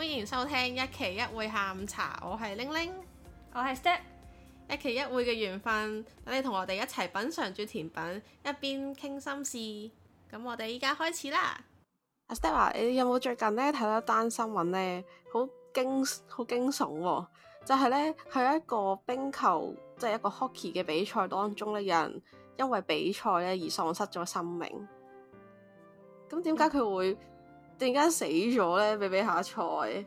歡迎收聽一期一會下午茶，我係玲玲，我係 Step，一期一會嘅緣分，等你同我哋一齊品嘗住甜品，一邊傾心事。咁我哋依家開始啦。阿 Step 你有冇最近咧睇到一單新聞咧？好驚，好驚悚。就係咧喺一個冰球，即係一個 hockey 嘅比賽當中咧，有人因為比賽咧而喪失咗生命。咁點解佢會？突然間死咗咧，俾俾下賽，咁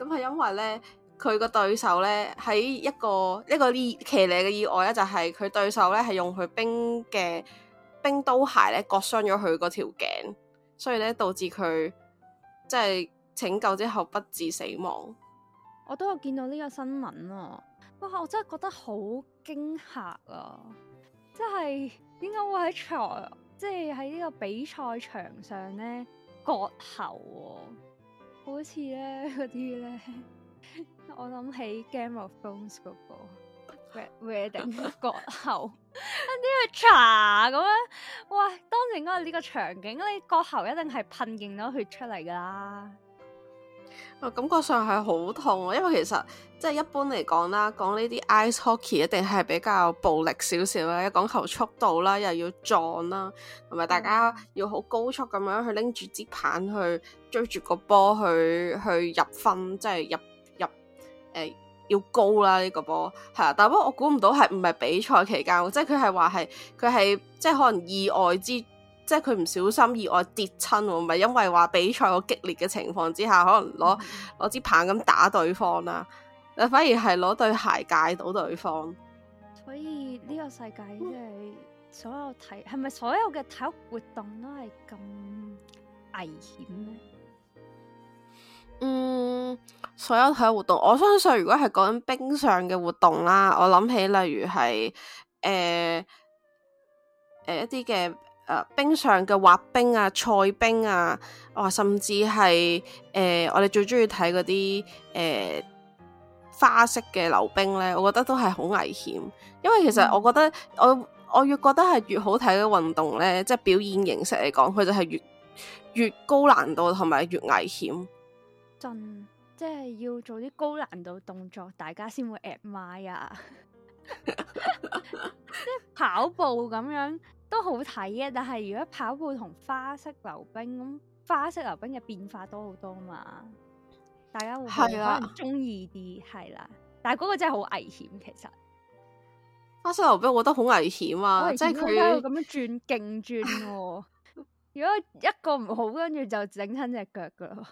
係因為咧佢個對手咧喺一個一個呢騎呢嘅意外咧、就是，就係佢對手咧係用佢冰嘅冰刀鞋咧割傷咗佢個條頸，所以咧導致佢即係拯救之後不治死亡。我都有見到呢個新聞、啊，哇！我真係覺得好驚嚇啊！即係點解會喺賽？即係喺呢個比賽場上咧割喉、哦，好似咧嗰啲咧，呢 我諗起 Game of Thrones 嗰、那個 Red Wedding 割喉，跟住去查咁樣，哇，當時應該係呢個場景，你割喉一定係噴勁多血出嚟噶啦。感覺上係好痛，因為其實即係、就是、一般嚟講啦，講呢啲 ice hockey 一定係比較暴力少少啦，要講求速度啦，又要撞啦，同埋大家要好高速咁樣去拎住支棒去追住個波去去入分，即係入入誒、呃、要高啦呢、呢個波係啦，但不過我估唔到係唔係比賽期間，即係佢係話係佢係即係可能意外之。即係佢唔小心意外跌親，唔係因為話比賽好激烈嘅情況之下，可能攞攞支棒咁打對方啦，反而係攞對鞋界到對方。所以呢個世界即係所有體係咪、嗯、所有嘅體育活動都係咁危險呢？嗯，所有體育活動，我相信如果係講緊冰上嘅活動啦，我諗起例如係誒誒一啲嘅。Uh, 冰上嘅滑冰啊，賽冰啊，哇、哦，甚至係誒、呃，我哋最中意睇嗰啲誒花式嘅溜冰咧，我覺得都係好危險。因為其實我覺得，嗯、我我越覺得係越好睇嘅運動咧，即係表演形式嚟講，佢就係越越高難度同埋越危險。真， 即係要做啲高難度動作，大家先會 at my 啊，跑步咁樣。都好睇嘅，但係如果跑步同花式溜冰咁，花式溜冰嘅變化多好多嘛，大家會的可能中意啲係啦。但係嗰個真係好危險，其實花式溜冰我覺得好危險啊，即係佢咁樣轉，勁轉啊。 如果一個唔好，跟住就整親隻腳噶咯。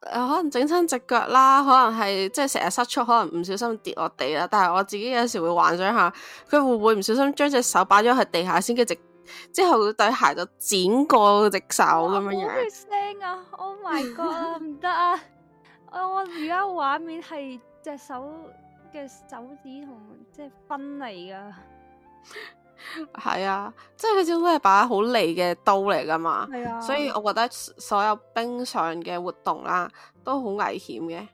可能整親隻腳啦，可能係即係成日失速，可能唔小心跌落地啦。但係我自己有時會幻想下，佢會唔會唔小心將隻手擺咗喺地下先，跟住之後對鞋就剪過隻手咁樣哇樣。聲啊！Oh my God！唔、啊、得 啊！我而家畫面係隻手嘅手指同即係分離噶。 係 啊，即係佢始終都係把好利嘅刀嚟噶嘛，所以我覺得所有冰上嘅活動啦、啊，都好危險嘅、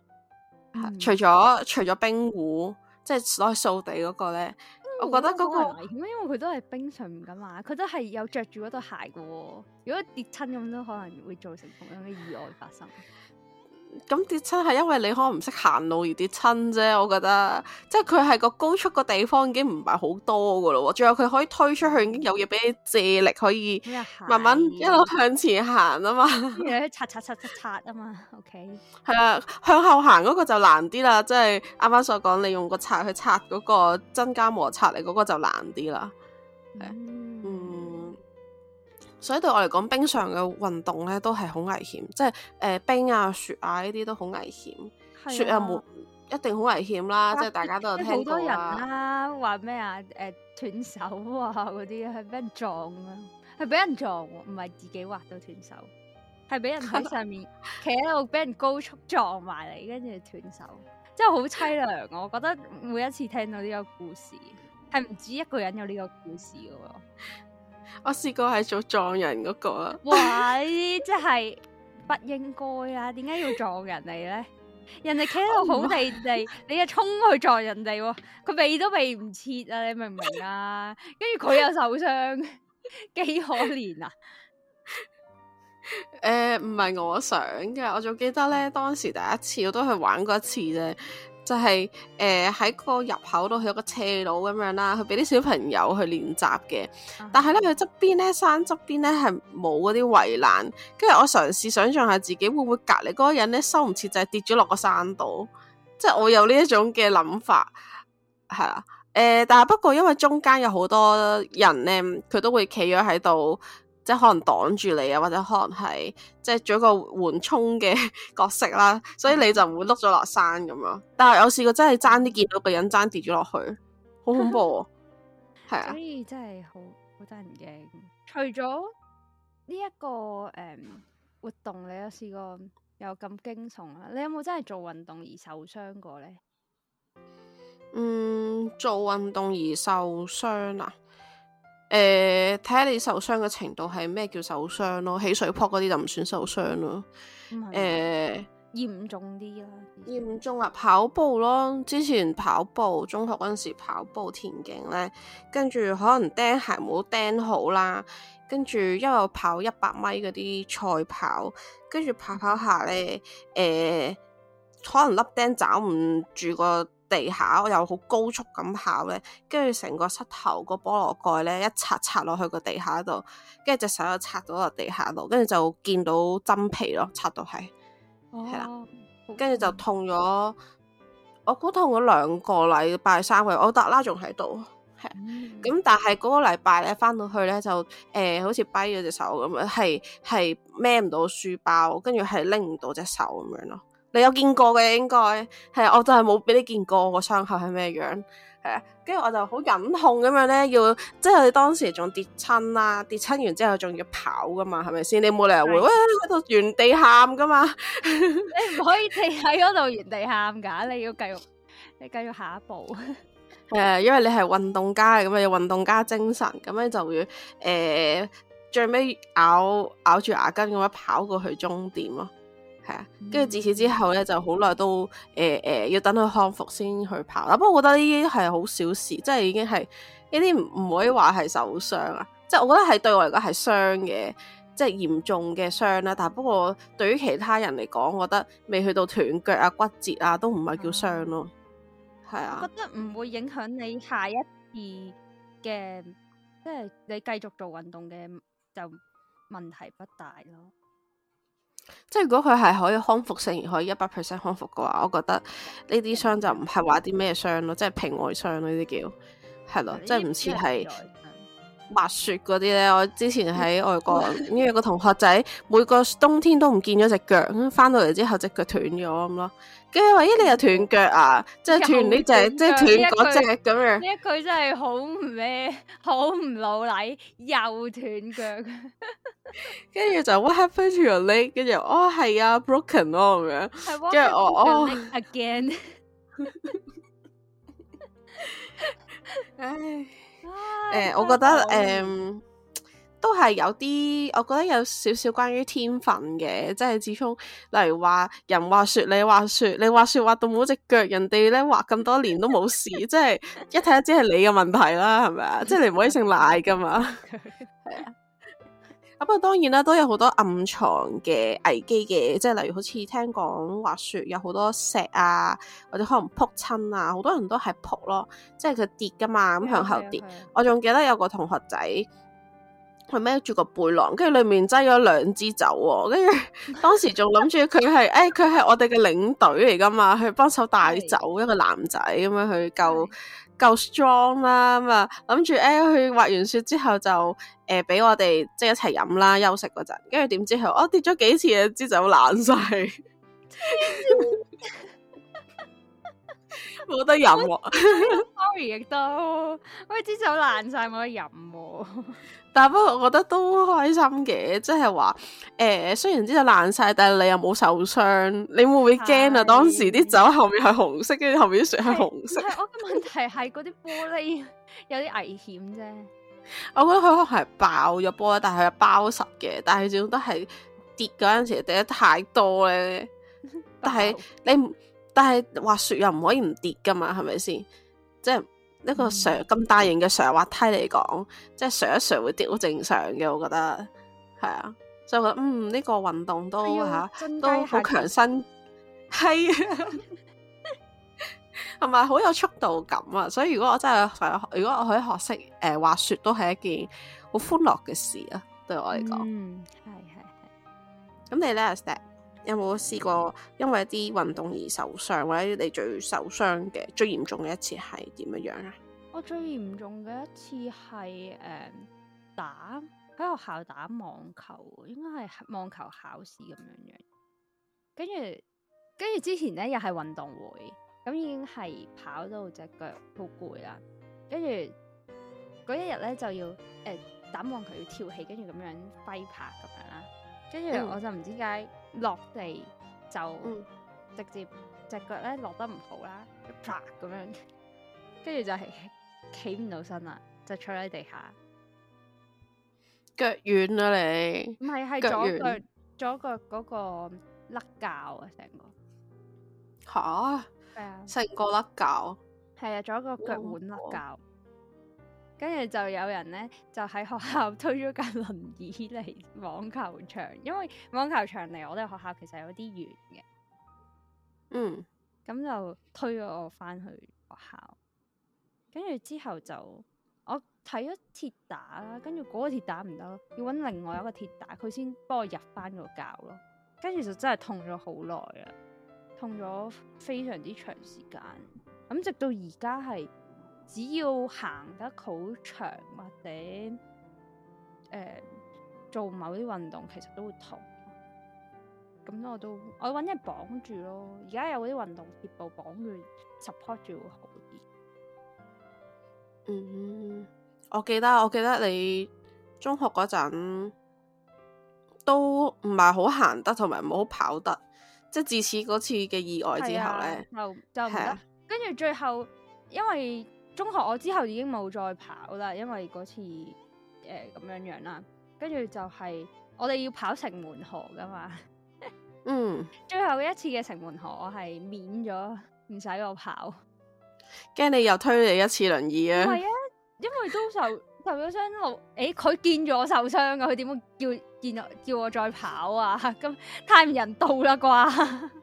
嗯。除咗除咗冰壺，即係所去掃地嗰個咧，嗯、我覺得嗰、嗰個危險，因為佢都係冰上面噶嘛，佢都係有着住嗰對鞋噶。如果跌親咁都可能會造成同樣嘅意外發生。咁跌親係因為你可能唔識行路而跌親啫，我覺得，即係佢係個高速個地方已經唔係好多噶咯，仲有佢可以推出去，已經有嘢俾你借力，可以慢慢一路向前行啊嘛，用啲擦擦擦擦擦啊嘛，OK，係啦，向後行嗰個就難啲啦，即係啱啱所講，你用個刷去刷嗰個增加摩擦力嗰個就難啲啦。嗯嗯所以對我嚟講，冰上嘅運動咧都係好危險，即係誒、呃、冰啊、雪啊呢啲都好危險。雪啊冇、啊、一定好危險啦，啊、即係大家都有聽過。好多人啦，話咩啊？誒，斷、呃、手啊，嗰啲係俾人撞啊，係俾人撞，唔係自己滑到斷手，係俾人喺上面企喺度，俾 人高速撞埋嚟，跟住斷手，真係好淒涼。 我覺得每一次聽到呢個故事，係唔止一個人有呢個故事嘅。我試過係做撞人嗰個哇 啊，哇！呢啲即係不應該啊，點解要撞人嚟咧？人哋企喺度好地地，不你啊衝去撞人哋，啊，佢避都避唔切啊！你明唔明 啊？跟住佢又受傷，幾可憐啊！誒，唔係我想嘅，我仲記得咧，當時第一次我都係玩過一次啫。就係誒喺個入口度，佢有一個斜路咁樣啦，佢俾啲小朋友去練習嘅。但係咧佢側邊咧，山側邊咧係冇嗰啲圍欄，跟住我嘗試想象下自己會唔會隔離嗰個人咧收唔切就係跌咗落個山度，即係我有呢一種嘅諗法係啦。誒、呃，但係不過因為中間有好多人咧，佢都會企咗喺度。即係可能擋住你啊，或者可能係即係做一個緩衝嘅角色啦，所以你就唔會碌咗落山咁樣。但係有試過真係爭啲見到個人爭跌咗落去，好恐怖啊，係啊！啊所以真係好好得人驚。除咗呢一個誒、嗯、活動你，你有試過有咁驚悚啊？你有冇真係做運動而受傷過咧？嗯，做運動而受傷啊？誒，睇下、呃、你受傷嘅程度係咩叫受傷咯，起水泡嗰啲就唔算受傷咯。誒、嗯，嚴、呃、重啲啦，嚴重啊，跑步咯，之前跑步，中學嗰陣時跑步田徑咧，跟住可能釘鞋冇釘好啦，跟住因為我跑，跑，跑一百米嗰啲賽跑，跟住跑跑下咧，誒，可能粒釘抓唔住個。地下又好高速咁跑咧，跟住成個膝頭個菠蘿蓋咧一擦擦落去個地下度，跟住隻手又擦到落地下度，跟住就見到真皮咯，擦到係係啦，跟住、哦、就痛咗，嗯、我估痛咗兩個禮拜、三個月，我達啦，仲喺度，咁但係嗰個禮拜咧翻到去咧就誒、呃，好似跛咗隻手咁樣，係係孭唔到書包，跟住係拎唔到隻手咁樣咯。你有見過嘅，應該係，我就係冇俾你見過我個傷口係咩樣，係啊，跟住我就好忍痛咁樣咧，要即係你當時仲跌親啦，跌親完之後仲要跑噶嘛，係咪先？你冇理由會喂，你喺度的原地喊噶嘛， 你唔可以停喺嗰度原地喊噶，你要繼續，你繼續下一步。誒、 呃，因為你係運動家嚟，咁啊，要運動家精神，咁樣你就要誒、呃，最尾咬咬住牙根咁樣跑過去終點咯。係啊，跟住、嗯、自此之後咧，就好耐都誒誒、呃呃、要等佢康復先去跑。不過我覺得呢啲係好小事，即係已經係呢啲唔可以話係受傷啊。即係我覺得係對我嚟講係傷嘅，即係嚴重嘅傷啦。但係不過對於其他人嚟講，我覺得未去到斷腳啊、骨折啊，都唔係叫傷咯。係、嗯、啊，我覺得唔會影響你下一次嘅，即係你繼續做運動嘅就問題不大咯。即係如果佢係可以康復性，而可以一百 percent 康復嘅話，我覺得呢啲傷就唔係話啲咩傷咯，即係皮外傷呢啲叫係咯，即係唔似係。滑雪嗰啲咧，我之前喺外國，因為個同學仔每個冬天都唔見咗隻腳，咁翻到嚟之後隻腳斷咗咁咯。跟住，萬一、欸、你又斷腳啊，即係斷呢隻，斷即係斷嗰隻咁樣。呢一,一句真係好唔咩，好唔老禮，又斷腳。跟 住就 What happened to your leg？跟住哦，係啊、oh,，broken 咯咁樣。跟住我哦，again。 唉。誒、啊呃，我覺得誒、呃，都係有啲，我覺得有少少關於天分嘅，即係始終例如說人話人滑雪，你滑雪，你滑雪滑到冇隻腳，人哋咧滑咁多年都冇事， 即係一睇就知係你嘅問題啦，係咪啊？ 即係你唔可以姓賴噶嘛，係啊。咁啊，當然啦，都有好多暗藏嘅危機嘅，即係例如好似聽講滑雪有好多石啊，或者可能撲親啊，好多人都係撲咯，即係佢跌噶嘛，咁向後跌。 我仲記得有個同學仔，佢孭住個背囊，跟住裡面擠咗兩支酒，跟住當時仲諗住佢係，誒佢係我哋嘅領隊嚟噶嘛，去幫手帶走一個男仔咁樣去救。夠 strong 啦，咁啊諗住誒去滑完雪之後就誒俾、欸、我哋即係一齊飲啦，休息嗰陣，跟住點知佢我跌咗幾次嘅支酒爛晒，冇 得飲喎、啊。sorry 亦都，我支酒爛晒，冇得飲、啊。但不過我覺得都開心嘅，即係話誒，雖然之就爛晒，但係你又冇受傷，你會唔會驚啊？是當時啲酒後面係紅色，跟住後面啲雪係紅色。係咪我嘅問題係嗰啲玻璃有啲危險啫。 我覺得佢可能係爆咗玻璃，但係佢包實嘅，但係始終都係跌嗰陣時跌得太多咧。但係你但係滑雪又唔可以唔跌噶嘛，係咪先？即係。一個常咁大型嘅常滑梯嚟講，即係上一上會跌，好正常嘅，我覺得係啊，所以覺得嗯呢、這個運動都吓、哎、呦都好強身，係、哎呦，同埋好有速度感啊！所以如果我真係如果我可以學識誒滑雪，呃、都係一件好歡樂嘅事啊！對我嚟講，嗯係係係，咁你咧？有冇試過因為一啲運動而受傷，或者你最受傷嘅最嚴重嘅一次係點樣樣啊？我最嚴重嘅一次係誒、呃、打喺學校打網球，應該係網球考試咁樣樣。跟住跟住之前咧又係運動會，咁已經係跑到隻腳好攰啦。跟住嗰一日咧就要誒、呃、打網球要跳起，跟住咁樣揮拍咁樣啦。跟住我就唔知解。落地就直接隻腳咧落得唔好啦，啪、呃、咁樣，跟住就係企唔到身啦，就坐喺地下，腳軟啦你，唔係係左腳軟左腳嗰個甩臼啊，成個吓，係哈 啊，成個甩臼，係 啊，左個腳腕甩臼。跟住就有人咧，就喺學校推咗架輪椅嚟網球場，因為網球場離我哋學校其實有啲遠嘅。嗯，咁就推咗我翻去學校。跟住之後就我睇咗鐵打啦。跟住嗰個鐵打唔得咯，要揾另外一個鐵打，佢先幫我入翻個骹咯。跟住就真係痛咗好耐啊，痛咗非常之長時間。咁直到而家係。只要行得好長或者誒、呃、做某啲運動，其實都會痛。咁、嗯、我都我搵人綁住咯。而家有嗰啲運動貼布綁住 support 住會好啲。嗯，我記得我記得你中學嗰陣都唔係好行得，同埋唔好跑得。即係自此嗰次嘅意外之後咧、啊哦，就就係啦。跟住、啊、最後因為。中學我之後已經冇再跑啦，因為嗰次誒咁、呃、樣樣啦，跟住就係、是、我哋要跑城門河噶嘛， 嗯，最後一次嘅城門河我係免咗，唔使我跑。驚你又推你一次輪椅啊？係 啊，因為都受受咗傷路，誒、 欸，佢見咗我受傷噶，佢點會叫見我叫我再跑啊？咁 太唔人道啦啩。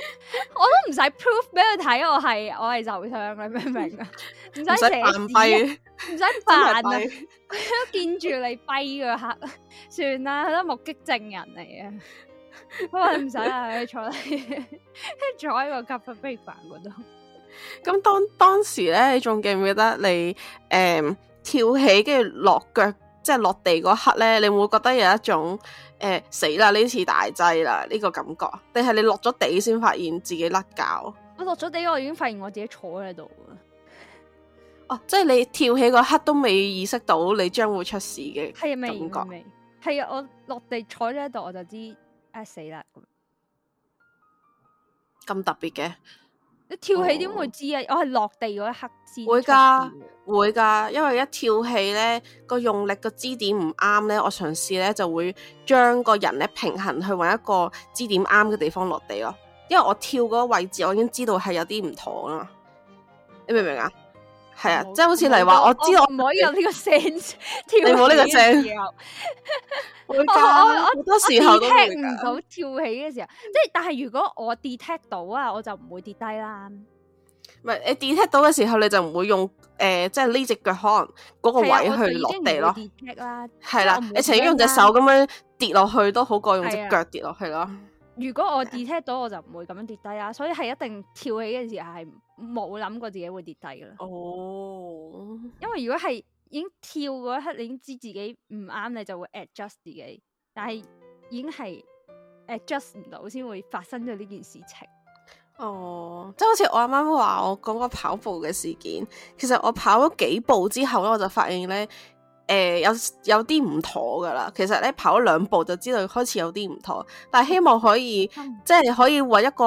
我都唔使 proof 俾佢睇，我係我係受傷，你明唔明 啊？唔使折紙，唔使扮，佢都見住你跛嗰刻，算啦，佢都目擊證人嚟嘅。我話唔使啊，你坐低， 坐喺個吸粉杯度。咁當當時咧，你仲記唔記得你誒、嗯、跳起，跟住落腳，即、就、係、是、落地嗰刻咧，你會覺得有一種。誒、欸，死啦！呢次大劑啦，呢、這個感覺，定係你落咗地先發現自己甩膠？我落咗地，我已經發現我自己坐喺度。哦、啊，即係你跳起嗰刻都未意識到你將會出事嘅，係啊，未感覺，係啊嗎，我落地坐咗喺度，我就知啊，死啦！咁特別嘅，你跳起點會知啊？哦、我係落地嗰一刻知。先會噶。會噶，因為一跳起咧個用力個支點唔啱咧，我嘗試咧就會將個人咧平衡去揾一個支點啱嘅地方落地咯。因為我跳嗰個位置，我已經知道係有啲唔妥噶嘛。你明唔明啊？係啊，我即係好似嚟話，我，我知道唔可以有呢個 sense， 跳冇呢個 sense，我我我我我好多時候聽唔到跳起嘅時候，即係但係如果我 detect 到啊，我就唔會跌低，低啦。唔係你 detect 到嘅時候，你就唔會用誒、呃，即係呢隻腳可能嗰個位去落地咯。係啦，經了你直接用隻手咁樣跌落去都好過用隻腳跌落去咯。如果我 detect 到，我就唔會咁樣跌低啦。所以係一定跳起嘅時候係冇諗過自己會跌低噶啦。哦，oh. 因為如果係已經跳嗰一刻，你已經知自己唔啱，你就會 adjust 自己。但係已經係 adjust 唔到，先會發生咗呢件事情。哦，oh，即係好似我啱啱話我講個跑步嘅事件，其實我跑咗幾步之後咧，我就發現咧，誒、呃、有有啲唔妥噶啦。其實咧跑咗兩步就知道開始有啲唔妥，但係希望可以、嗯、即係可以為一個誒、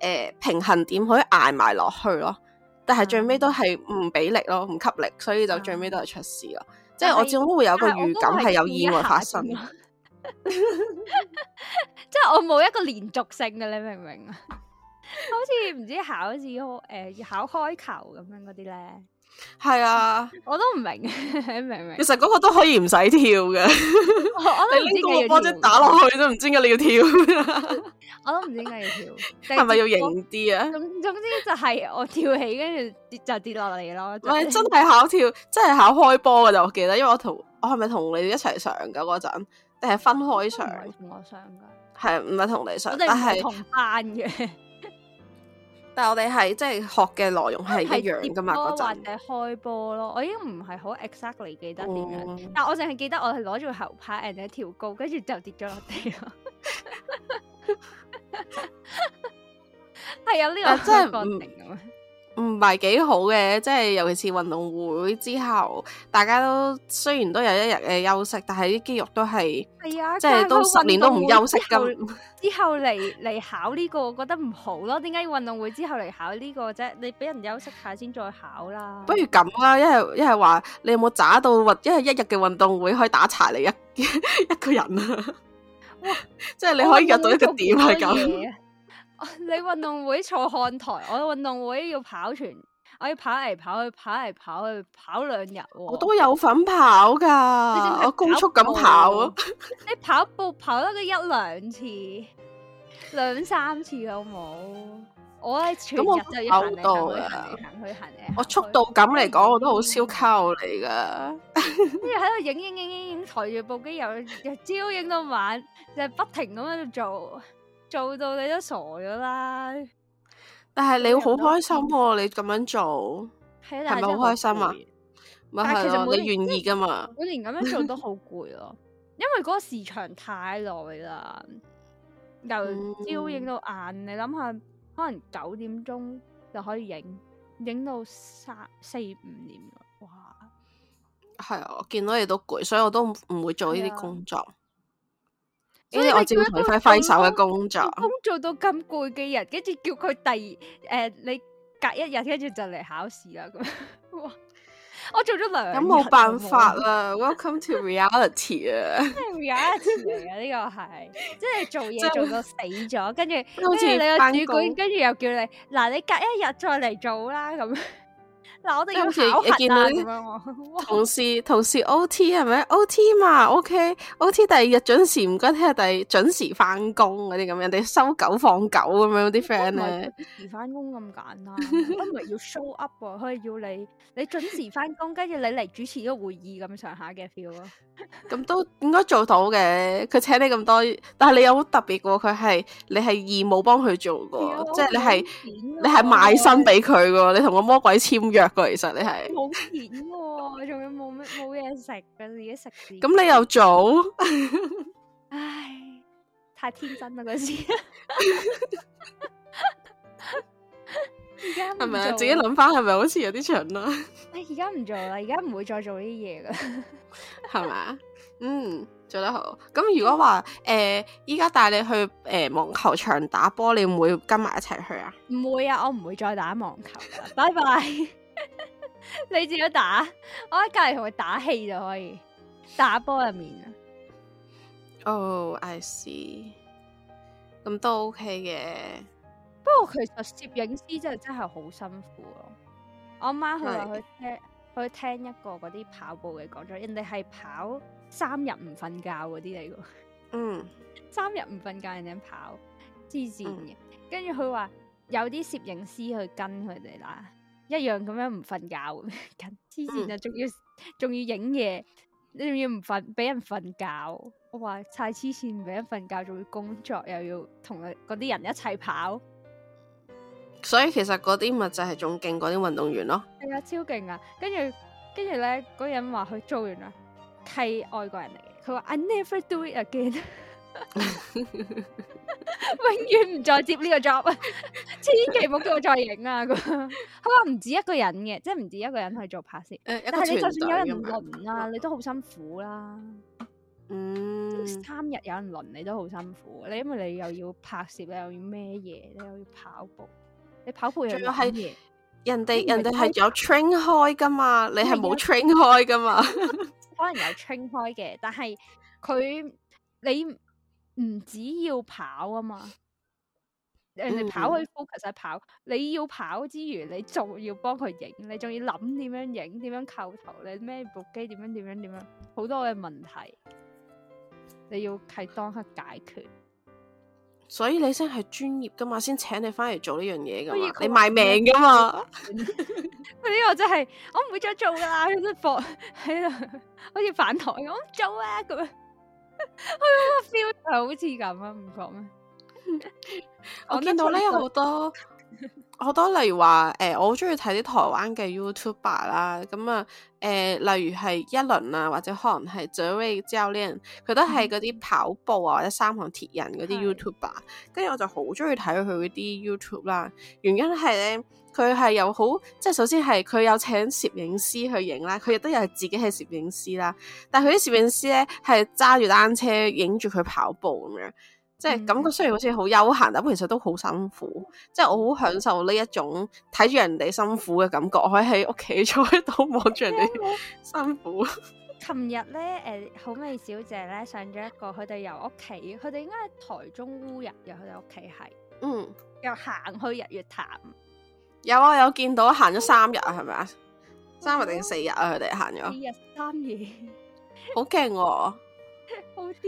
呃、平衡點，可以挨埋落去咯。但係最尾都係唔俾力咯，唔吸力，所以就最尾都係出事咯。嗯、即係我始終會有一個預感係有意外發生 即係我冇一個連續性嘅，你明唔明啊？好似唔知考試開要考開球咁樣嗰啲咧，係啊，我都唔明， 明唔明白？其實嗰個都可以唔使跳嘅，你呢個波只打落去都唔知點解你要跳？我都唔知點解要跳，係咪要型啲啊？咁總之就係我跳起，跟住跌就跌落嚟咯。喂是， 真係考跳，真係考開波噶就我記得，因為我同我係咪同你哋一齊上噶嗰陣，定係分開上？同我，我上噶係唔係同你上？我哋唔係同班嘅。 但係我哋係即係學嘅內容係一樣噶嘛嗰陣，或者開波咯，我已經唔係好 exactly 記得點樣，哇但係我淨係記得我係攞住個球拍，and 一跳高，跟住就跌咗落地咯。係 啊，呢、這個真係唔。啊嗯唔係幾好嘅，即係尤其是運動會之後，大家都雖然都有一日嘅休息，但係啲肌肉都係，哎、呀即係都十年都唔休息咁。之後嚟嚟考呢個，我覺得唔好咯。點解要運動會之後嚟考呢個啫？這個、 你俾人休息下先再考啦。不如咁啦，一係一係話你有冇揸到運？一係一日嘅運動會可以打柴嚟，一一個人啊？ 哇 即係你可以約到一個點啊咁哇。哇你運動會坐看台，我運動會要跑全，我要跑嚟跑去，跑嚟跑去跑兩日。我都有份跑噶，我高速咁跑。你跑步跑得個一兩次，兩三次好冇？我喺全日就行嚟行去行嚟行去行嚟。我速度咁嚟講，我都好燒烤你噶。跟住喺度影影影影影，抬住部機，又由朝影到晚，就係不停咁喺度做。做到你都傻咗啦！但係你好開心喎，你咁樣做係咪好開心啊？唔係、嗯、對啊，其實你願意噶嘛？每年咁樣做都好攰咯， 因為嗰個時長太耐啦。由朝影到晏，嗯、你諗下，可能九點鐘就可以影，影到三四五點。哇！係啊，我見到你都攰，所以我都唔會做呢啲工作。跟住我做同佢揮手嘅工作，工做到咁攰嘅人，跟住叫佢第二、呃，你隔一日跟住就嚟考試啦咁。哇！我做咗兩，咁冇辦法啦。有 Welcome to reality 啊，真係 reality 嚟㗎呢 個係，即、就、係、是、做嘢做到死咗，跟住跟住你個主管跟住又叫你嗱，你隔一日再嚟做啦咁。嗱，我哋要考核啊！你見到同事同事 O T 係咪 O T 嘛？O K O T，第二日準時唔該，聽日第準時翻工嗰啲咁樣，你收狗放狗咁樣啲 friend 咧，準時翻工咁簡單，都唔係要 show up 喎，係要你你準時翻工，跟住你嚟主持一個會議咁上下嘅 feel 咯。咁都應該做到嘅，佢請你咁多，但係你有好特別嘅，佢係你係義務幫佢做嘅，即係你係你係賣身俾佢嘅，你同個魔鬼簽約。其實你係冇錢，啊，仲 有冇咩冇嘢食？自己食字。咁你又做？ 唉，太天真啦嗰時。而家係咪啊？自己諗翻，係咪好似有啲蠢啦？我而家唔做啦，而家唔會再做呢啲嘢啦。係 嘛？嗯，做得好。咁如果話誒，依家帶你去誒、呃、網球場打波，你會唔會跟埋一齊去啊？唔會啊，我唔會再打網球啦。拜拜。 你自己打，我喺隔籬同佢打氣就可以打波入面啊。o、oh, I see，咁都 OK 嘅。不過其實攝影師真係真係好辛苦咯。我阿媽佢話佢聽佢的聽一個嗰啲跑步嘅講座，人哋係跑三日唔瞓覺嗰啲嚟噶。嗯， 三日唔瞓覺，人哋跑之前嘅。跟住佢話有啲攝影師去跟佢哋啦。一樣咁樣唔瞓覺，黐線啊！仲要仲要影嘢，你仲要唔瞓？俾人瞓覺，我話太黐線，俾人瞓覺，仲要工作，又要同嗰啲人一齊跑。所以其實嗰啲咪就係仲勁嗰啲運動員咯。係啊，超勁啊！跟住跟住咧，嗰人話佢做完啦，係外國人嚟嘅。佢話 I never do it again。 永遠唔再接呢個 job， 千祈唔好叫我再影啊！佢話唔止一個人嘅，即係唔止一個人去做拍攝。欸、但係你就算有人輪啊，嗯、你都好辛苦啦、啊。嗯，三日有人輪你都好辛苦、啊。你因為你又要拍攝，你又要咩嘢，你又要跑步，你跑步又係人哋人哋係有 train 開噶嘛？你係冇 train 開噶嘛？可 能有 train 開嘅，但係佢你。唔只要跑啊嘛，人哋跑去 focus 係跑，你要跑之餘，你仲要幫佢影，你仲要諗點樣影，點樣構圖，你咩部機點樣點樣點樣，好多嘅問題，你要係當刻解決。所以你先係專業噶嘛，先請你翻嚟做呢樣嘢噶嘛，你賣命噶嘛。呢個真係，我唔會再做啦，都 放喺度，好似反台咁做啊咁。我個 feel 係好似咁啊，唔覺咩？我見到咧有好多。好多例如話，誒、呃、我好中意睇啲台灣嘅 YouTuber 啦，咁、嗯、啊，誒、呃、例如係一輪啊，或者可能係 Joey 教練，佢都係嗰啲跑步啊或者三項鐵人嗰啲 YouTuber，跟住是我就好中意睇佢嗰啲 YouTube 啦。原因係咧，佢係又好，即係首先係佢有請攝影師去影啦，佢亦都有係自己係攝影師啦。但係佢啲攝影師咧係揸住單車影住佢跑步咁樣。即係感覺雖然好似好悠閒，但其實都好辛苦。即係我好享受呢一種睇住人哋辛苦嘅感覺，我喺屋企坐喺度望住人哋辛苦。琴日咧，誒，好味小姐咧上咗一個，佢哋由屋企，佢哋應該係台中烏日，由佢哋屋企係，嗯，又行去日月潭。有啊，有見到行咗三日啊，係咪 啊？三日定四日啊？佢哋行咗四日三夜，好勁喎！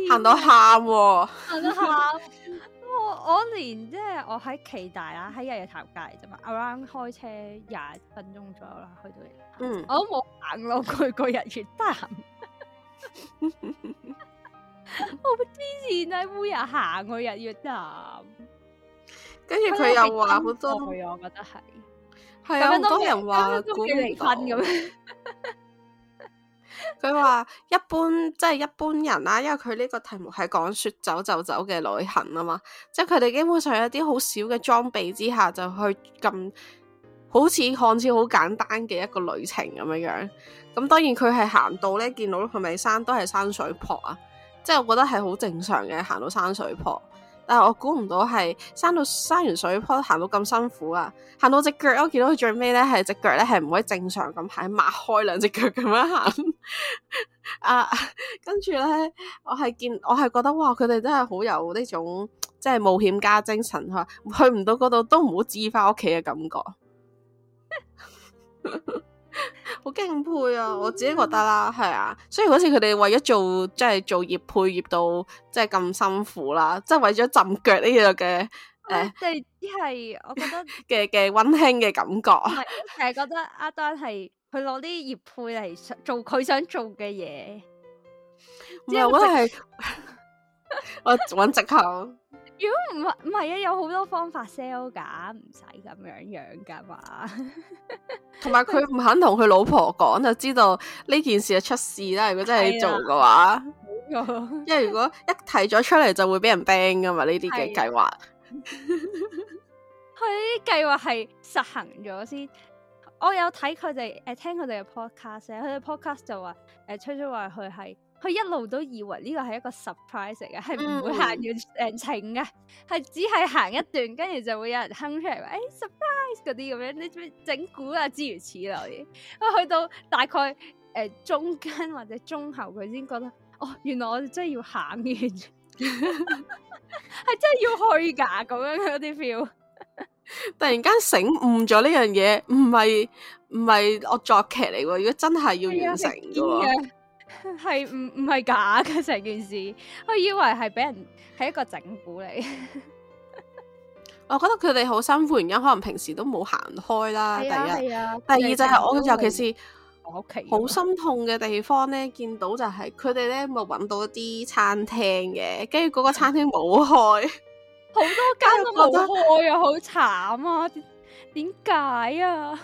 行到喊，行到喊，我我連即係我喺暨大啦，喺日月潭街嚟啫嘛，around 開車廿分鐘左右啦去到，我都冇行到佢個日月潭，我之前喺每日行去日月潭，跟住佢又話好多，我覺得係係啊，多人話孤軍咁。佢話一般，即係一般人啦，因為佢呢個題目係講說走就走嘅旅行啊嘛，即係佢哋基本上有啲好少嘅裝備之下就去咁，好似看似好簡單嘅一個旅程咁樣樣。咁當然佢係行到咧，見到係咪山都係山水坡啊？即係我覺得係好正常嘅，行到山水坡。但係我估唔到係山到山完水坡行到咁辛苦啊，行到隻腳，我見到佢最尾咧係隻腳咧係唔可以正常咁行，擘開兩隻腳咁樣行。 啊，跟住咧我係見我係覺得哇，佢哋真係好有呢種即係、就是、冒險家精神，佢話去唔到嗰度都唔好旨意翻屋企嘅感覺。 好敬佩啊！我自己覺得啦，係、嗯、啊，所以好似佢哋為咗做，即係做業配業到即係咁辛苦啦，即係為咗浸腳呢樣嘅，誒、呃，即係，我覺得嘅嘅溫馨嘅感覺，成日覺得阿丹係佢攞啲業配嚟做佢想做嘅嘢，即係我係 我揾直頭。如果唔係唔係啊，有好多方法 sell 噶，唔使咁樣樣噶嘛。同埋佢唔肯同佢老婆講，就知道呢件事係出事啦。如果真係做嘅話，啊、因為如果一提咗出嚟就會俾人 ban 噶嘛，呢啲嘅計劃。佢啲計劃係實行咗先。我有睇佢哋，誒、呃、聽佢哋嘅 podcast，佢、啊、哋 podcast 就話，誒、呃，吹吹話佢係，佢一路都以為呢個係一個 surprise 嚟嘅，係唔、嗯、會行完成程嘅，係、嗯、只係行一段，跟住就會有人哼出嚟，誒、欸、surprise 嗰啲咁樣，你整蠱啊？諸如此類，佢 去到大概誒、呃、中間或者中後，佢先覺得，哦，原來我哋真係要行完，係 真係要去㗎，咁樣嗰啲 feel。突然間醒悟咗呢樣嘢，唔係，唔係惡作劇嚟喎，如果真係要完成嘅，係唔，唔係假嘅，成件事我以為係俾人係一個整蠱嚟。 我覺得佢哋好辛苦，原因可能平時都冇行開啦。啊、第一，啊、第二就係我尤其是我屋企好心痛嘅地方咧，見到就係佢哋咧，咪搵到一啲餐廳嘅，跟住嗰個餐廳冇開。 好多間都冇貨，又好慘啊！點點解啊？啊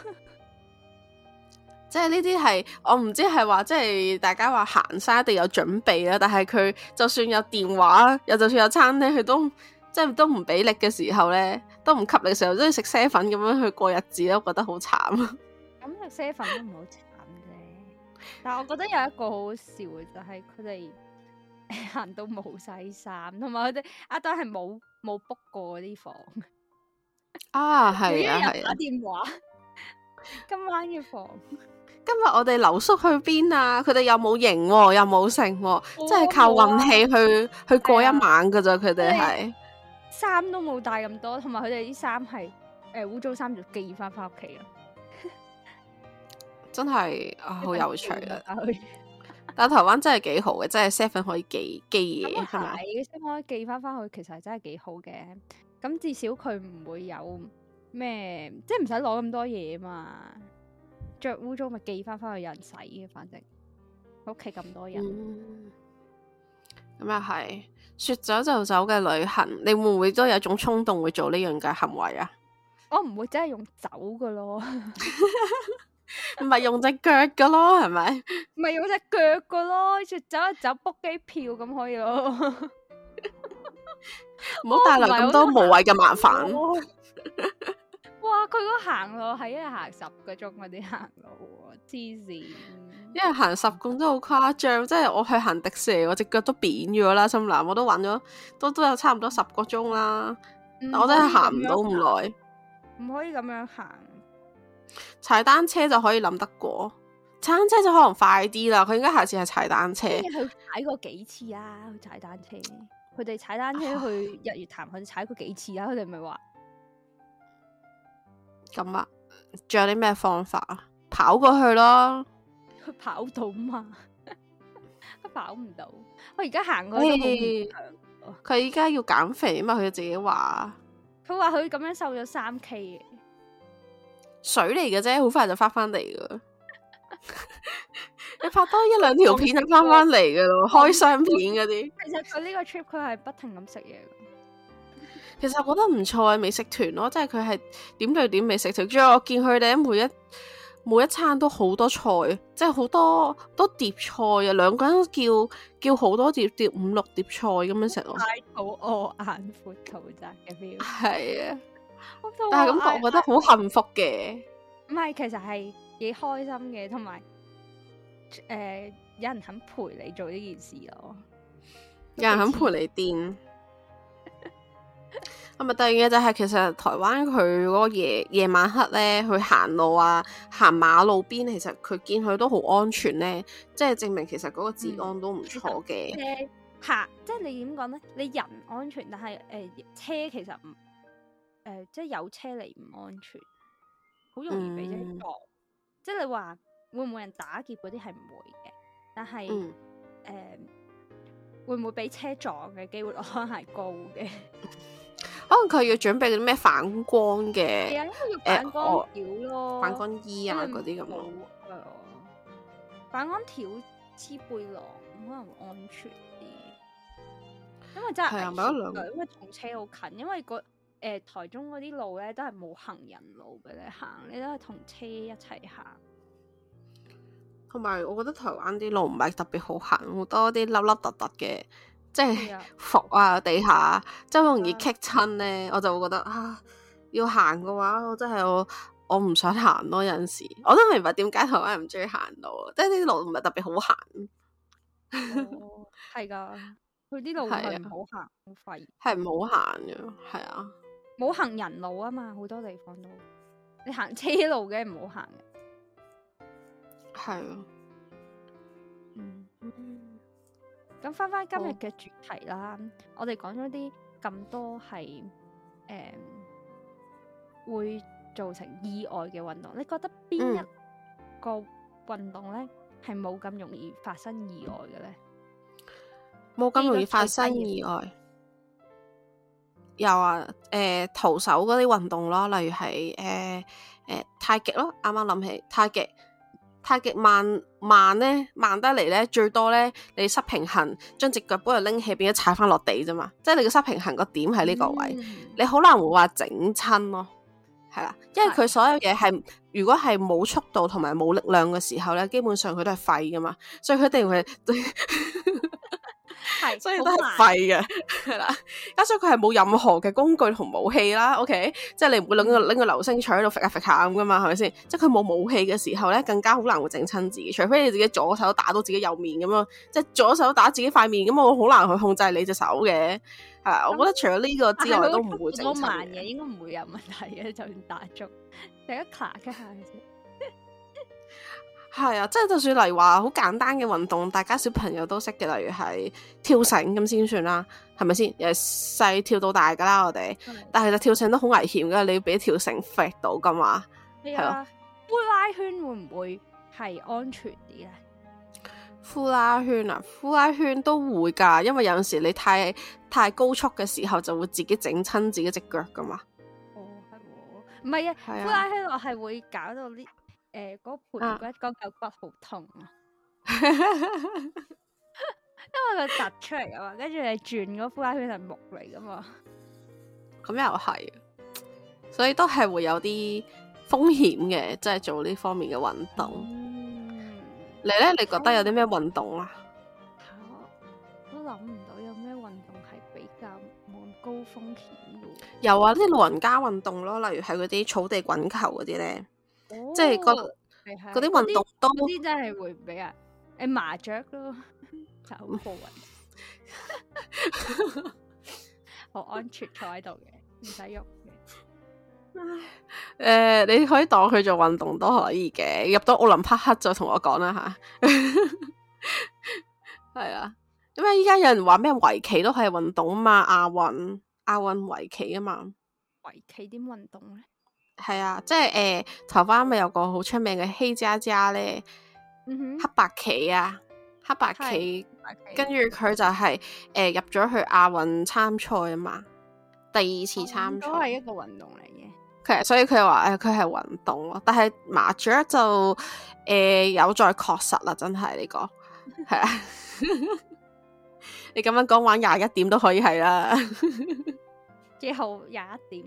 即係呢啲係我唔知係話，即係大家話行山一定有準備啦。但係佢就算有電話，又就算有餐廳，佢都即係都唔俾力嘅時候咧，都唔給力嘅時候都要食啡粉咁樣去過日子，都覺得好慘啊！咁食啡粉都唔好慘咁啫， 但係我覺得有一個好好笑嘅就係佢哋。行到冇晒衫，同埋佢哋啊，當係冇冇 book 過嗰啲房啊，係 咦啊，啊。打電話 今晚嘅房，今日我哋留宿去邊啊？佢哋又冇營，又冇剩、啊，即係、哦、靠運氣去、哦、去，去過一晚噶咋？佢哋係衫都冇帶咁多，同埋佢哋啲衫係誒污糟衫就寄翻翻屋企啦， 真係啊好有趣啊！ 但台灣真係幾好嘅，真係 seven 可以寄寄嘢，係咪、嗯？先可以寄翻翻去，其實真係幾好嘅。咁至少佢唔會有咩，即係唔使攞咁多嘢嘛。着污糟咪寄翻翻去，有人洗嘅。反正屋企咁多人，咁又係。説走就走嘅旅行，你會唔會都有一種衝動會做呢樣嘅行為啊？我唔會真係用走㗎咯。 唔係 用隻腳噶咯，係咪？唔係用隻腳噶咯，就走一走 book 機票咁可以咯。唔好帶來咁多無謂嘅麻煩。 哇，佢嗰行路係一日行十個鐘嗰啲行路，黐線！一日行十個鐘都好誇張， 即係我去行迪士尼，我隻腳都扁咗啦，心男我都玩咗都都有差唔多十個鐘啦， 我真係行唔到咁耐，唔可以咁樣行。踩單車就可以諗得過，踩單車就可能快啲啦。佢應該下次係踩單車。佢踩過幾次啊？踩單車，佢哋踩單車去日月潭，佢、啊、踩過幾次啊？佢哋咪話咁啊？仲有啲咩方法啊？跑過去咯，佢跑到嘛，佢 跑唔到。我而家行過去。佢而家要減肥啊嘛，佢自己話，佢話佢咁樣瘦咗三 K。水嚟嘅啫，好快就翻返嚟噶。 你拍多一兩條片就翻返嚟噶咯，開箱片嗰啲。其實佢呢個 trip 佢係不停咁食嘢。 其實我覺得唔錯啊，美食團咯，即係佢係點對點美食團。主要我見佢哋每一每一餐都好多菜，即係好多多碟菜啊！兩個人叫叫好多碟，碟五六碟菜咁樣食咯，好餓眼闊肚窄嘅 feel 係啊。但係感覺我覺得好幸福嘅、哎，唔、哎、係、哎哎，其實係幾開心嘅，同埋誒，有人肯陪你做呢件事咯，有人肯陪你癲，係咪？第二嘅就係其實台灣佢嗰個夜夜晚黑咧，去行路啊，行馬路邊，其實佢見佢都好安全咧，即係證明其實嗰個治安都唔錯嘅吓，嗯呃、下即係你點講咧？你人安全，但係誒、呃、車其實唔。誒，uh, 即係有車嚟唔安全，好容易俾車撞。嗯、即係你話會唔會人打劫嗰啲係唔會嘅，但係誒、嗯 uh, 會唔會俾車撞嘅機會 可能係高嘅。可能佢要準備啲咩反光嘅、 嗯，因為要反光條咯，反光衣啊嗰啲咁咯。係反光條黐背囊可能會安全啲，因為真係係一冇得兩，因為同車好近，因為個。誒、呃、台中嗰啲路咧都係冇行人路嘅，行你都係同車一齊行。同埋我覺得台灣啲路唔係特別好行，好多啲凹凹凸凸嘅，即係伏的啊地下，即係好容易棘親咧。的我就會覺得啊，要行嘅話，我真係我我唔想行咯、啊。有時我都明白點解台灣人唔中意行路，即係呢啲路唔係特別好行。係噶、哦，佢啲路係唔好行， 的好廢，係唔好行嘅，係啊。冇行人路啊嘛，好多地方都，你行車路嘅唔好行，係咯，咁翻翻今日嘅主題啦，好我哋講咗啲咁多係誒、嗯、會造成意外嘅運動，你覺得邊一個運動咧係冇咁容易發生意外嘅咧？冇咁容易發生意外。又話，誒、呃、徒手嗰啲運動咯，例如係誒誒太極咯，啱啱諗起太極，太極慢慢咧，慢得嚟咧，最多咧你失平衡，將隻腳本又拎起，變咗踩翻落地啫嘛，即係你個失平衡個點喺呢個位，嗯、你好難會話整親咯，係啦，因為佢所有嘢係如果係冇速度同埋冇力量嘅時候咧，基本上佢都係廢噶嘛，所以佢一定會。 是所以都係廢嘅，係啦慢，加上佢係冇任何嘅工具同武器啦，OK，即係你唔會拎個拎個流星錘喺度甩下甩下咁噶嘛，係咪先？即係佢冇武器嘅時候咧，更加好難會整親自己，除非你自己左手打到自己右面咁樣，即係左手打自己塊面，咁我好難去控制你隻手嘅，係、嗯 uh, 我覺得除咗呢個之外、啊、都唔會。好、啊那個、慢嘅應該唔會有問題嘅，就算打足，第一卡嘅下，一下係啊，即係就算嚟話好簡單嘅運動，大家小朋友都識嘅，例如係跳繩咁先算啦，係咪先？由細跳到大噶啦，我哋，嗯、但係其實跳繩都好危險噶，你要俾條繩揈到噶嘛。係咯、啊、呼、啊、拉圈會唔會係安全啲咧？呼拉圈啊，呼拉圈都會噶，因為有陣時你太太高速嘅時候，就會自己整親自己隻腳噶嘛。哦，係喎，唔係啊，啊呼拉圈我係會搞到呢。誒，嗰盤、呃那個、骨嗰、啊、骨好痛啊！ 因為佢凸出嚟啊嘛，跟住你轉嗰呼啦圈係木嚟噶嘛，咁又係，所以都係會有啲風險嘅，即、就、係、是、做呢方面嘅運動。嗯、你咧，你覺得有啲咩運動啊？啊啊我都諗唔到有咩運動係比較冇咁高風險嘅。有啊，啲老人家運動咯，例如係嗰啲草地滾球嗰啲咧。即係嗰嗰啲運動都，多啲真係會俾啊！誒，麻雀咯，就咁好玩，好 安全坐喺度嘅，唔使喐嘅。誒、呃，你可以當佢做運動都可以嘅，入到奧林匹克就同我講啦吓。係 啊的，咁啊，依家有人話咩圍棋都可以運動啊嘛，亞運亞運圍棋啊嘛。圍棋點運動咧？係啊，即係誒，台灣咪有個好出名嘅希渣渣咧，mm hmm. 黑白棋啊，黑白棋，白啊，跟住佢就係、是、誒、呃、入咗去亞運參賽啊嘛，第二次參賽、嗯、都係一個運動嚟嘅，其、啊、所以佢話誒佢係運動咯，但係麻雀就誒、呃、有再確實啦，真係呢個係啊，你咁樣講玩廿一點都可以係啦，最後廿一點。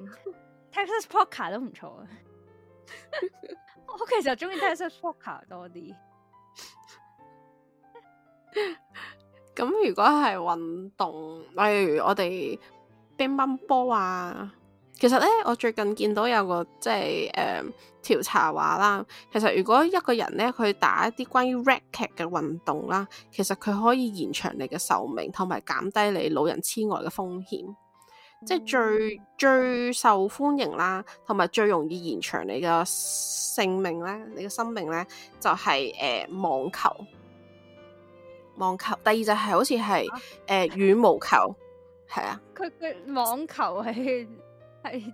Texas poker 都唔錯， 我其實中意 Texas poker 多啲。咁 如果係運動，例如我哋乒乓波啊，其實咧我最近見到有個即係誒、呃、調查話啦，其實如果一個人咧佢打一啲關於 racquet 嘅運動啦，其實佢可以延長你嘅壽命，同埋減低你老人痴呆嘅風險。即係最最受歡迎啦，同埋最容易延長你嘅性命咧，你嘅生命咧就係、是、誒、呃、網球，網球。第二就係、是、好似係誒羽毛球，係啊。佢佢網球係係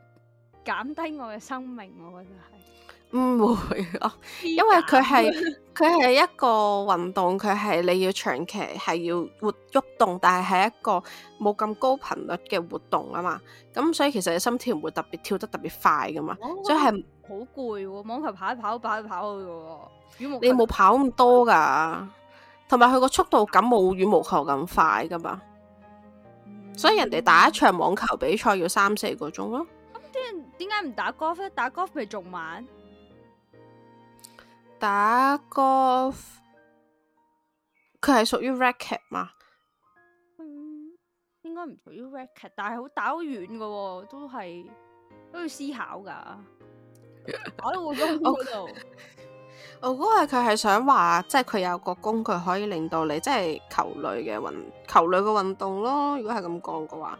減低我嘅生命，我覺得係。唔會啊，因為佢係佢係一個運動，佢係你要長期係要活喐動，但係係一個冇咁高頻率嘅活動啊嘛。咁所以其實你心跳唔會特別跳得特別快噶嘛，所以係好攰喎。網球跑一跑跑一跑去嘅喎，你冇跑咁多噶，同埋佢個速度感冇羽毛球咁快噶嘛。所以人哋打一場網球比賽要三四個鐘咯。咁啲人點解唔打 golf？打 golf 係仲慢。打 golf，佢係屬於 racket 嘛？應該唔屬於 racket，但係好打好遠噶，都係都要思考噶，我都會攻我度。我估係佢係想話，即係佢有個工具可以令到你，即係球類嘅運球類嘅運動咯。如果係咁講嘅話，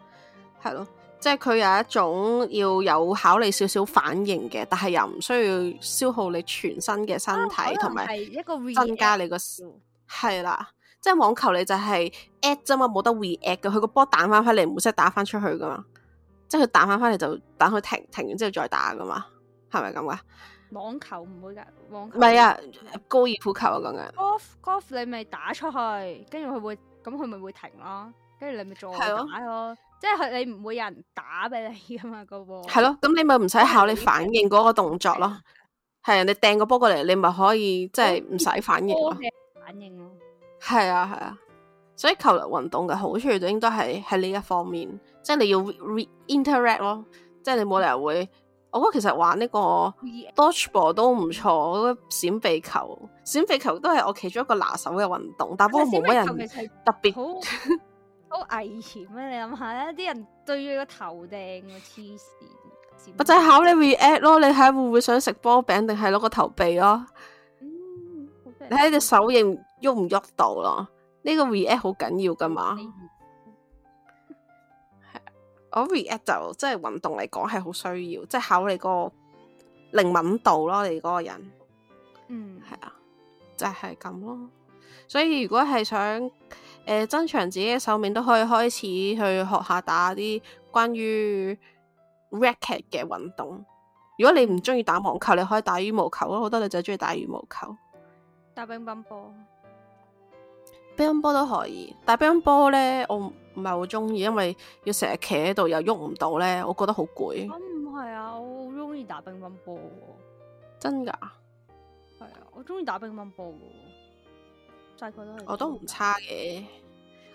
係咯。即係佢有一種要有考慮少少反應嘅，但係又唔需要消耗你全身嘅身體，同埋、啊、增加你個。係啦、嗯，即係網球你就係 at 啫嘛，冇得 react 噶，佢個波彈翻翻嚟，唔會識打翻出去噶嘛。即係佢彈翻翻嚟就等佢停，停完之後再打噶嘛，係咪咁噶？網球唔會噶，網球唔係啊，高爾夫球啊咁樣。Golf golf 你咪打出去，跟住佢會，咁佢咪會停咯、啊。跟住你咪做打咯、啊，啊、即係你唔會有人打俾你噶嘛個波。係咯，咁、啊、你咪唔使考你反應嗰個動作咯。係啊，你掟個波過嚟，你咪可以即係唔使反應咯。反應咯，係啊係啊，所以球類運動嘅好處就應該係喺呢一方面，即係你要 re-interact 咯，即係你冇理由會。我覺得其實玩呢個 dodgeball 都唔錯，我閃避球、閃避球都係我其中一個拿手嘅運動，但不過我冇乜人特別。 好危險啊！你諗下咧，啲人對住個頭掟、啊，黐綫！我就係考你 react 咯，你睇會唔會想食波餅，定係攞個頭避咯？嗯，好真。你睇隻手型喐唔喐到咯？呢、呢個 react 好緊要噶嘛？係 我 react 就即係運動嚟講係好需要，即係考你個靈敏度咯，你嗰個人。嗯，係啊，就係、係、咁咯。所以如果係想，誒、呃，增長自己嘅壽命，都可以開始去學下打啲關於 racquet 嘅運動。如果你唔中意打網球，你可以打羽毛球咯。好多女仔中意打羽毛球，打乒乓波，乒乓波都可以。打乒乓波咧，我唔係好中意，因為要成日企喺度又喐唔到咧，我覺得好攰。唔係啊，啊，我好中意打乒乓波，真噶的？係啊，我中意打乒乓波噶。我都唔差嘅，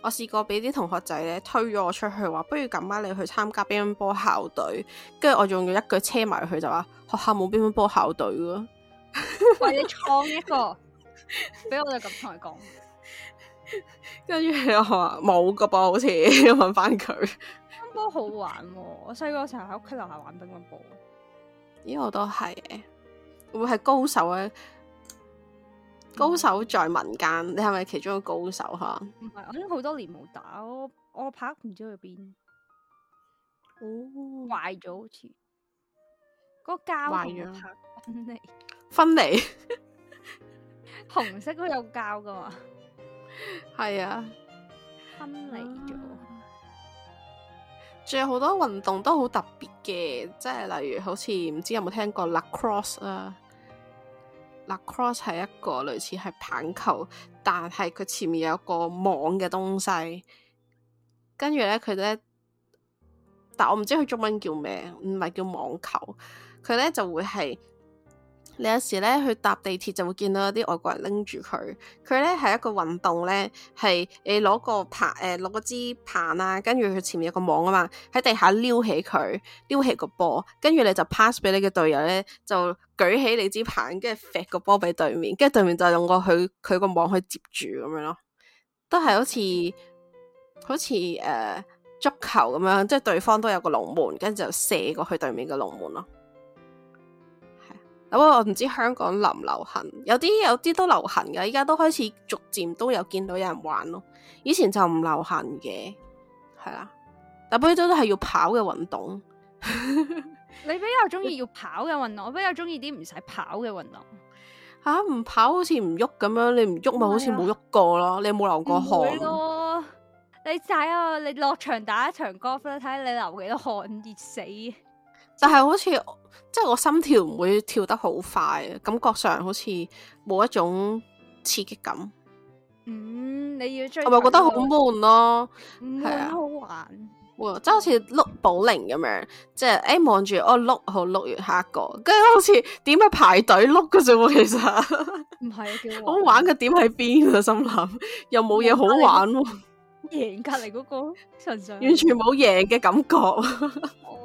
我試過俾啲同學仔咧推咗我出去，話不如咁晚你去參加乒乓波校隊，跟住我仲要一句車埋佢就話學校冇乒乓波校隊咯。喂，你創一個，俾 我就咁同佢講，跟住 我話冇個波好似問翻佢，乒 乓波好玩。哦，我細個成日喺屋企樓下玩乒乓波，呢個都係，會係高手啊！高手在民間，你係咪其中一個高手嚇？唔、啊、係，我已經都好多年冇打，我我拍唔知去邊。哦，壞咗好似。個膠同個拍分離。分離。 紅色都有膠噶嘛？係 啊。分離咗。仲、啊、有好多運動都好特別嘅，即係例如好似唔知有冇聽過 lacrosse 啦、啊。Lacrosse 係一個類似係棒球，但係佢前面有一個網嘅東西，跟住咧佢咧，但我唔知佢中文叫咩，唔係叫網球，佢咧就會係。你有時咧去搭地鐵就會見到有啲外國人拎住佢，佢咧係一個運動咧，係誒攞個拍誒攞支棒啊、呃，跟住佢前面有個網啊嘛，喺地下撩起佢，撩起個波，跟住你就 pass 俾你嘅隊友咧，就舉起你支棒，跟住甩個波俾對面，跟住對面就用個佢佢個網去接住咁樣咯，都係好似好似誒、呃、足球咁樣，即係對方都有個龍門，跟住就射過去對面嘅龍門咯。我唔知香港流唔流行，有啲有啲都流行嘅，依家都開始逐漸都有見到有人玩咯。以前就唔流行嘅，係啦。但杯都都係要跑嘅運動， 你比較中意要跑嘅運動，我比較中意啲唔使跑嘅運動。吓唔、啊、跑好似唔喐咁樣，你唔喐咪好似冇喐過咯，啊、你冇流過汗，你睇啊，你落場打一場 golf 咧，睇下你流幾多汗，熱死！但係好似，即係我心跳唔會跳得好快，感覺上好似冇一種刺激感。嗯，你要追，係咪覺得好悶咯？唔、嗯、好玩，嗯、即係好似碌保齡咁樣，即係誒望住哦，碌好碌完下一個，跟住好似點樣排隊碌嘅啫？其實唔係啊，玩好玩嘅點喺邊啊？心諗又冇嘢好玩喎、啊，贏隔籬嗰個純粹完全冇贏嘅感覺。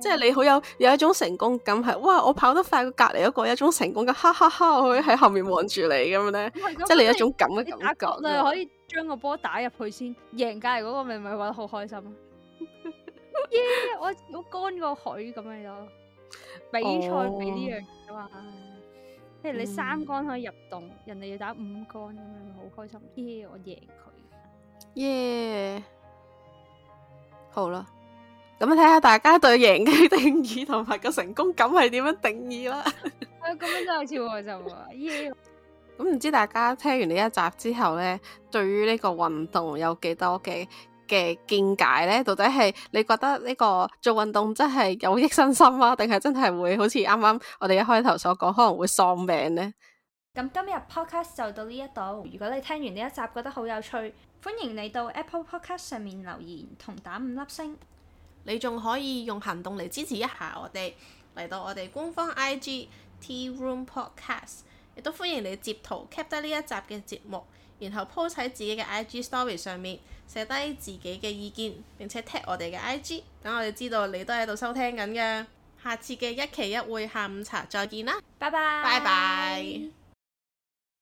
即係你好有有一種成功感，係，哇我跑得快過隔籬嗰個，有一種成功感，成功感，哈哈哈，哈！我可以喺後面望住你咁樣咧，即係你有一種咁嘅感覺。你可以將個波打入去先，贏隔籬嗰個咪咪玩得好開心。耶、 yeah,！我我干個海咁樣咯，比賽比呢樣啊嘛，即係、oh, 你三杆可以入洞，嗯、人哋要打五杆咁樣，好開心！耶、yeah,！我贏佢。耶！好啦。咁睇下大家對贏嘅定義同埋個成功感係點樣定義啦。係啊，咁樣真係超和諧啊！咁唔知大家聽完呢一集之後呢，對於呢個運動有幾多嘅嘅見解呢？到底係你覺得呢個做運動真係有益身心啊，定係真係會好似啱啱我哋一開頭所講可能會喪命呢？咁今日 Podcast 就到呢一度。如果你聽完呢一集覺得好有趣，歡迎你到 Apple Podcast 上面留言同打五粒星。你仲可以用行動嚟支持一下我哋，嚟到我哋官方 I G Tea Room Podcast，亦都歡迎你截圖，cap 低呢一集嘅節目，然後 po 喺自己嘅 I G Story 上面，寫低自己嘅意見，並且 tag 我哋嘅 I G，等我哋知道你都喺度收聽緊嘅。下次嘅一期一會下午茶，再見啦，拜拜，拜拜。